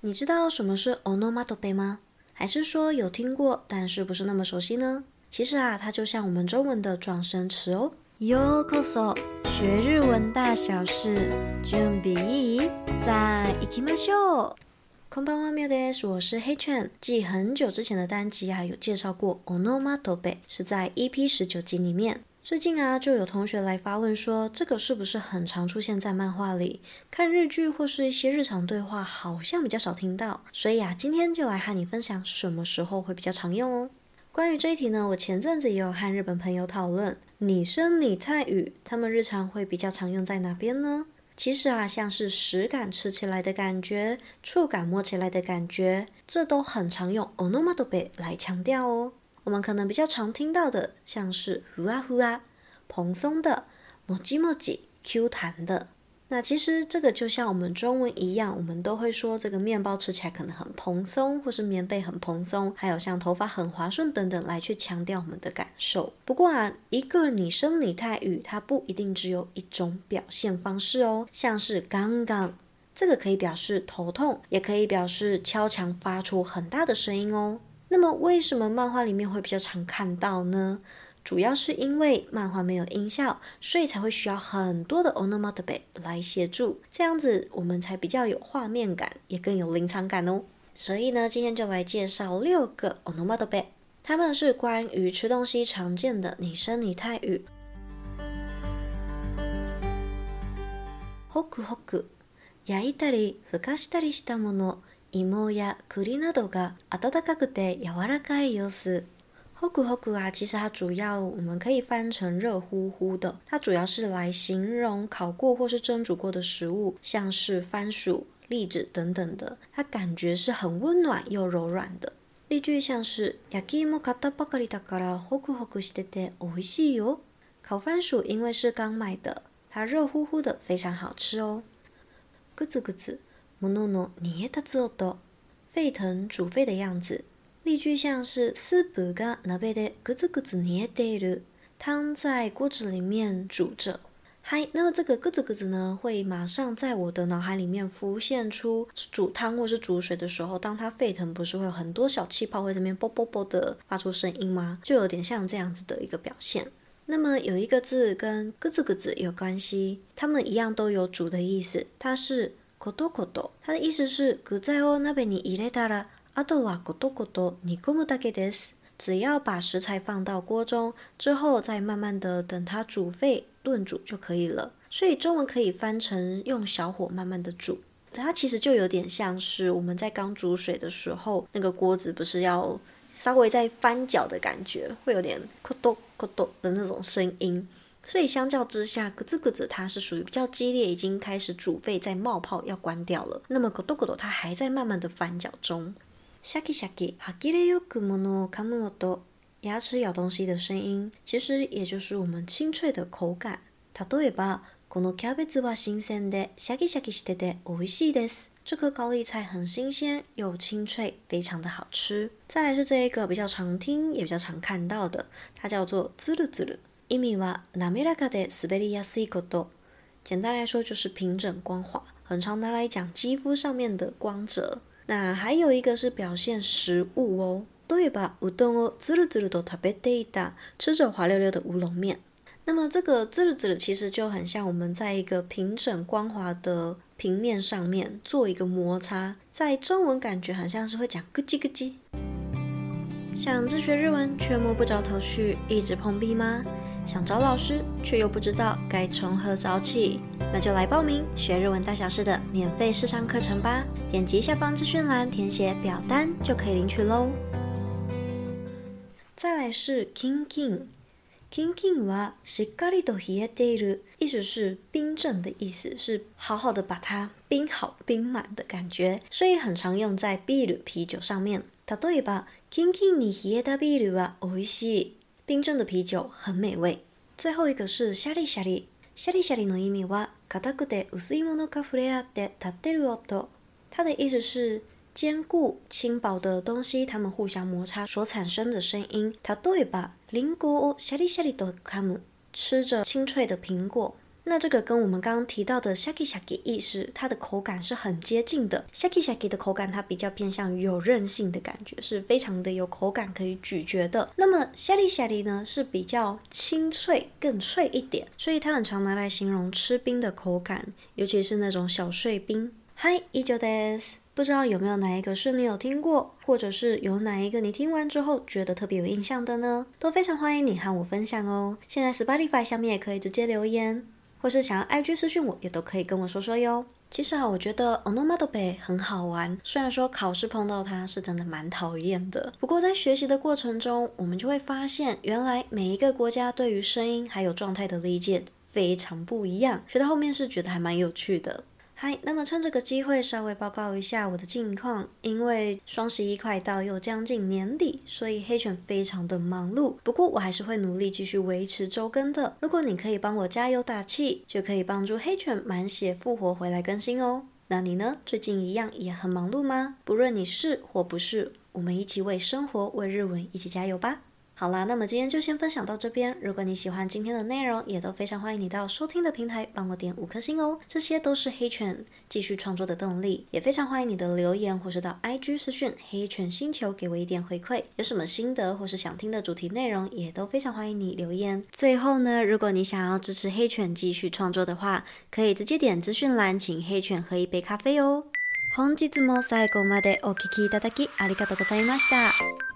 你知道什麼是オノマトペ嗎？還是說有聽過，但是不是那麼熟悉呢？其實啊，它就像我們中文的狀聲詞哦。ようこそ，學日文大小事，準備一下，さあ行きましょう。こんばんは苗です。我是黑犬。記很久之前的單集啊，有介紹過オノマトペ，是在 EP 十九集裡面。最近啊，就有同學來發問說，這個是不是很常出現在漫畫裡？看日劇或是一些日常對話，好像比較少聽到。所以啊，今天就來和你分享什麼時候會比較常用哦。關於這一題呢，我前陣子也有和日本朋友討論，擬聲擬態語，他們日常會比較常用在哪邊呢？其實啊，像是食感吃起來的感覺、觸感摸起來的感覺，這都很常用オノマトペ來強調哦。我們可能比較常聽到的，像是“ふわふわ”，蓬鬆的，“もちもち ”，Q 彈的。那其實這個就像我們中文一樣，我們都會說這個麵包吃起來可能很蓬鬆，或是棉被很蓬鬆，還有像頭髮很滑順等等，來去強調我們的感受。不過啊，一個擬聲擬態語，它不一定只有一種表現方式哦。像是ガンガン，這個可以表示頭痛，也可以表示敲牆發出很大的聲音哦。那麼為什麼漫畫裡面會比較常看到呢？主要是因為漫畫沒有音效，所以才會需要很多的オノマトペ來協助，這樣子我們才比較有畫面感，也更有臨場感哦。所以呢，今天就來介紹六個オノマトペ。他們是關於吃東西常見的擬聲擬態語。ほくほく焼いたり、ふかしたりしたもの.。 芋や栗などが溫かくて柔らかい様子。ホクホクは，其實它主要我們可以翻成熱乎乎的，它主要是來形容烤過或是蒸煮過的食物，像是番薯、栗子等等的，它感覺是很溫暖又柔軟的。例句像是焼き芋買ったばかりだから、ホクホクしてて美味しいよ。烤番薯因為是剛買的，它熱乎乎的，非常好吃哦。グツグツ。モノノニエタツオト、沸騰煮沸的樣子，例句像是スープが鍋でぐつぐつ煮えている。湯在鍋子裡面煮着。嗨，那麼、個、這個ぐつぐつ呢，會馬上在我的腦海裡面浮現出煮湯或是煮水的時候，當它沸騰，不是會有很多小氣泡會在那邊ボボボ的發出聲音嗎？就有點像這樣子的一個表現。那麼有一個字跟ぐつぐつ有關係，它們一樣都有煮的意思，它是。コトコト，它的意思是、具材を鍋に入れたら、あとはコトコト煮込むだけです。只要把食材放到鍋中，之後再慢慢的等它煮沸、燉煮就可以了。所以中文可以翻成“用小火慢慢的煮”。它其實就有點像是我們在剛煮水的時候，那個鍋子不是要稍微再翻攪的感覺，會有點コトコト的那種聲音。所以相較之下，グツグツ它是屬於比較激烈，已經開始煮沸，在冒泡，要關掉了。那麼コトコト它還在慢慢的翻攪中。シャキシャキ牙齒咬東西的聲音，其實也就是我們清脆的口感。它對吧？例えば、このキャベツは新鮮でシャキシャキしてて美味しいです。這顆高麗菜很新鮮，又清脆，非常的好吃。再來是這一個比較常聽，也比較常看到的，它叫做滋嚕滋嚕。意味はなめらかですべりやすいこと。簡單來說就是平整光滑，很常拿來講肌膚上面的光澤。那還有一個是表現食物哦，對吧？うどんを，つるつると食べていた、吃着滑溜溜的烏龍麵。那麼這個つるつる其實就很像我們在一個平整光滑的平面上面做一個摩擦，在中文感覺很像是會講咯嘰咯嘰。想自學日文卻摸不着頭緒，一直碰壁嗎？想找老師卻又不知道該從何找起，那就來報名學日文大小事的免費試上課程吧！點擊下方資訊欄填寫表單就可以領取嘍。再來是キンキン，キンキンはしっかりと冷えている，意思是冰鎮的意思，是好好的把它冰好冰滿的感覺，所以很常用在啤酒啤酒上面。例えばキンキンに冷えたビールは美味しい。冰鎮的啤酒很美味。最後一個是“シャリシャリ”。シャリシャリの意味は、硬くて薄いものが觸れ合って立てる音。它的意思是堅固、輕薄的東西，它們互相摩擦所產生的聲音。例えば、リンゴをシャリシャリと噛む。吃着清脆的蘋果。那這個跟我們剛剛提到的シャキシャキ意思，它的口感是很接近的。シャキシャキ的口感它比較偏向於有韌性的感覺，是非常的有口感可以咀嚼的。那麼シャリシャリ呢，是比較清脆更脆一點，所以它很常拿來形容吃冰的口感，尤其是那種小碎冰。はい，以上です。不知道有沒有哪一個是你有聽過，或者是有哪一個你聽完之後覺得特別有印象的呢？都非常歡迎你和我分享哦。現在 Spotify 下面也可以直接留言。或是想要 IG 私信，我也都可以跟我說說喲。其實啊，我覺得オノマトペ很好玩，雖然說考試碰到它是真的蠻討厭的。不過在學習的過程中，我們就會發現，原來每一個國家對於聲音還有狀態的理解非常不一樣。學到後面是覺得還蠻有趣的。嗨，Hi, 那麼趁這個機會稍微報告一下我的近況，因為雙十一快到又將近年底，所以黑犬非常的忙碌。不過我還是會努力繼續維持周更的。如果你可以幫我加油打氣，就可以幫助黑犬滿血復活回來更新哦。那你呢？最近一樣也很忙碌嗎？不論你是或不是，我們一起為生活為日文一起加油吧。好啦，那麼今天就先分享到這邊。如果你喜歡今天的內容，也都非常歡迎你到收聽的平台幫我點五顆星哦，這些都是黑犬繼續創作的動力。也非常歡迎你的留言或是到 I G 私訊“黑犬星球”給我一點回饋，有什麼心得或是想聽的主題內容，也都非常歡迎你留言。最後呢，如果你想要支持黑犬繼續創作的話，可以直接點資訊欄，請黑犬喝一杯咖啡哦。本日も最後までお聞きいただきありがとうございました。